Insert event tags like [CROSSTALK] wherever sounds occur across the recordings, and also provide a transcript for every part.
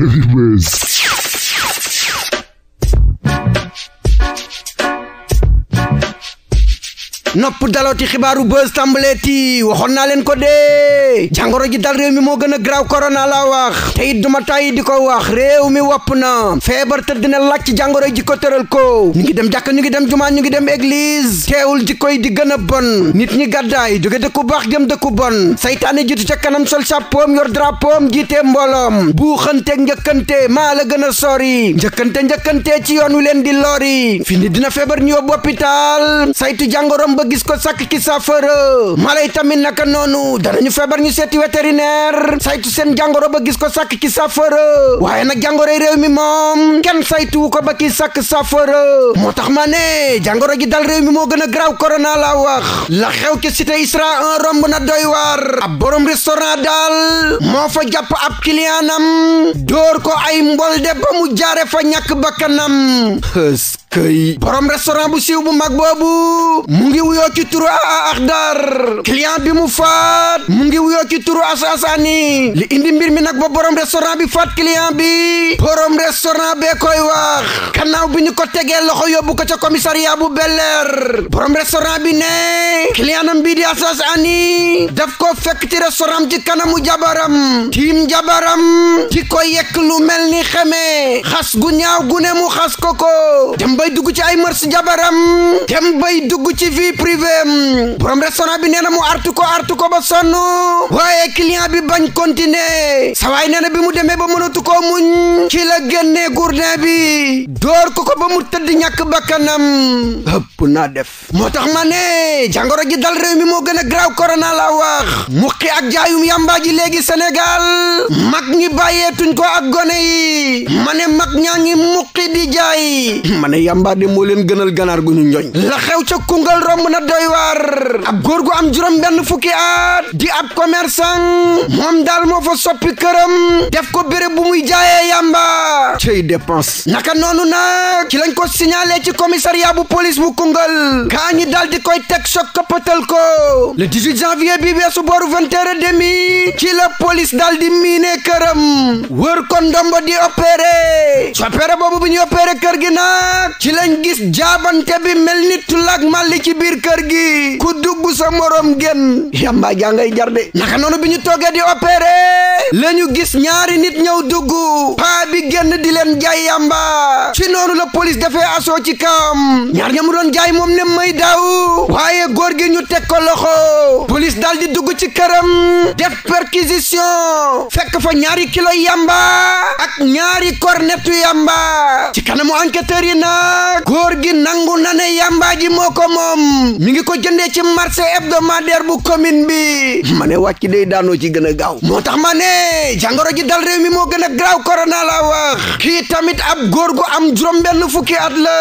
Anyways. nopp dalooti xibaaru buzz tàmbaleeti waxoon naa leen ko dee jàngoro ji dal réew mi moo gën a graaw korona la wax te du duma tàyyi di ko wax réew mi wapp na feebar tëdd na laaj ci jàngoro ji ko tëral ko ñu ngi dem jàkk ñu ngi dem jumaa ñu ngi dem église teewul ji koy di gën a bon nit ñi gàddaay jóge dëkku baax jëm dëkku bon saytaane jiitu ca kanam sol sàppoom yor drapoom jiite mbooloom buuxanteeg njëkkante maa la gën a sori njëkkante njëkkante ci yoon wi leen di lori fi ni dina feebar ñu yóbbu hôpital saytu jàngoroom gis ko sakk ki saafara mala yi tamit naka noonu ñu feebar ñu seeti vétérinaire saytu seen jàngoro ba gis ko sàkk ki saafara waaye nag jàngoroy réew mi moom kenn saytu ko ba ki sàkk saafara moo tax ma ne jàngoro ji dal réew mi moo gën a graaw corona la wax la xew ci cité ISRA un romb na doy waar ab borom restaurant daal moo fa jàpp ab clientam dóor ko ay mbolde ba mu jaare fa ñàkk bakkanam borom restaurant bu siiw bu mag boobu mu ngi ci turu Axdar client bi mu faat mu ngi ci turu Asasani li indi mbir mi nag bo borom restaurant bi faat client bi borom restaurant bee koy wax kannaaw bi ñu ko tegee loxo yóbbu ko ca commissariat bu Bel-Air borom restaurant bi ne client am bii di Asasani daf ko fekk ci restaurant ci kanamu jabaram tiim jabaram ci ko yekk lu mel ni xeme xas gu ñaaw mu xas ko ko bay dugg ci ay mars jabaram dem bay dugg ci vie privée borom restaurant bi nee na ko artu ko ba sonn waaye client bi bañ continuer sawaay nee na bi mu demee ba mënatu koo muñ la génnee gourdin bi door ko ko ba mu tëdd ñàkk bakkanam naa def moo tax ma ne jàngoro ji dal réew mi moo gën a graw korona la wax muqi ak jaayum yàmbaa ji léegi Sénégal mag ñi bàyyeetuñ ko ak gone yi ma ne mag ñaa ngi muqi njàmbaade moo leen gënal ganaar gu ñu njoñ la xew ca Koungheul romb na doy waar ab góor gu am juróom benn fukki at di ab commerçant moom daal moo fa soppi këram def ko béréb bu muy jaayee yàmba cey dépense naka noonu nag ci lañ ko signalé ci commissariat bu polis bu Koungheul kaa ñi daal koy teg choc këppatal ko le 18 janvier bi weesu booru vingt heures et demi ci la police daal di miine këram wër ko ndombo di opéré su opéré boobu bu ñuy opéré kër gi nag ci lañ gis jaabante bi mel ni tulaak màlli ci biir kër gi ku dugg sa morom génn yamba jaa ngay jar de naka noonu bi ñu toogee di opéré la ñu gis ñaari nit ñëw dugg paa bi génn di leen jaay yamba ci noonu la police dafee asoo ci kam ñaar ñamu doon jaay moom ne may daaw waaye góor gi ñu teg ko loxo police daal di dugg ci këram def perquisition fekk fa ñaari kilo yamba ak ñaari kornetu yamba ci kanamu enquêteur yi na góor gi nangu na ne yàmbaa ji moo ko moom mi ngi ko jëndee ci marché hebdomadaire bu commune bi ma ne wàcc day daanoo ci gën gaaw moo tax ma ne jàngoro ji dal réew mi moo gën a korona la wax kii tamit ab góor gu am juróom benn fukki at la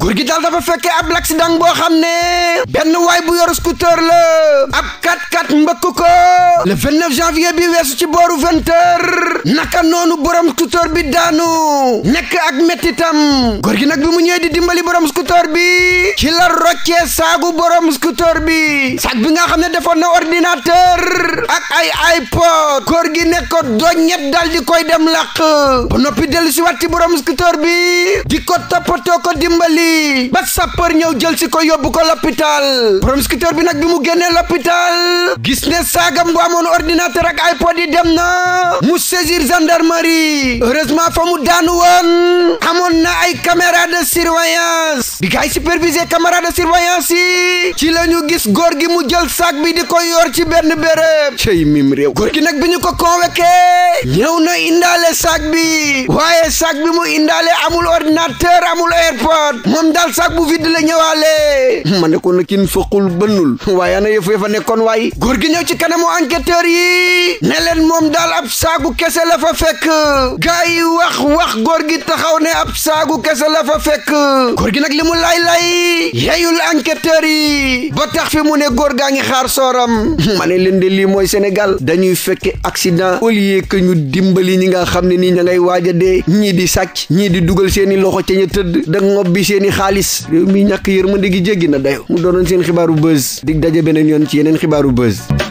góor gi daal dafa fekkee ab l'accident boo xam ne benn waay bu yor scooter la ab 4x4 mbëkk ko janvier bi weesu ci booru 20 naka noonu borom tuteur bi daanu nekk ak mettitam góor gi nag ñooy di dimbali borom scooter bi ci la roccee saagu borom scooter bi saag bi nga xam ne defoon na ordinateur ak ay iPod kóor gi ne ko doñet dal di koy dem làq ba noppi dellu si waat ci borom scooter bi di ko toppatoo ko dimbali ba sapeur ñëw jël si ko yóbbu ko l'hôpital borom bi nag bi mu génnee l'hôpital gis ne saagam bu amoon ordinateur ak iPod yi dem na mu saisir gendarmerie heureusement fa mu daanu woon amoon na ay caméra surveillance di gaay superviser caméra de surveillance yi ci la ñu gis góor gi mu jël sac bi di ko yor ci benn béréb cey mim réew góor gi nag bi ñu ko convoqué ñëw na indaale sac bi waaye sac bi mu indaale amul ordinateur amul airport moom daal sac bu di la ñëwaale ma nekkoon na kin fëqul bënnul waaye ana yëfu yëfa nekkoon waay góor gi ñëw ci kanamu yi ne leen moom daal ab saagu kese la fa fekk gaa yi wax wax góor gi taxaw ne ab saagu kese la fa fekk góor gi nag li mu lay-lay yeyul enquêteurs yi ba tax fi mu ne góor gaa ngi xaar sooram [LAUGHS] ma ne leen de lii mooy Sénégal dañuy fekke accident au lieu ñu dimbali ñi nga xam ne nii ña ngay waaj a ñii di sàcc ñii di dugal seeni loxo ca ña tëdd da bi seeni xaalis réew mi ñàkk yërmande gi jéggi na dayo mu doonoon seen xibaaru buzz dig daje beneen yoon ci yeneen xibaaru buzz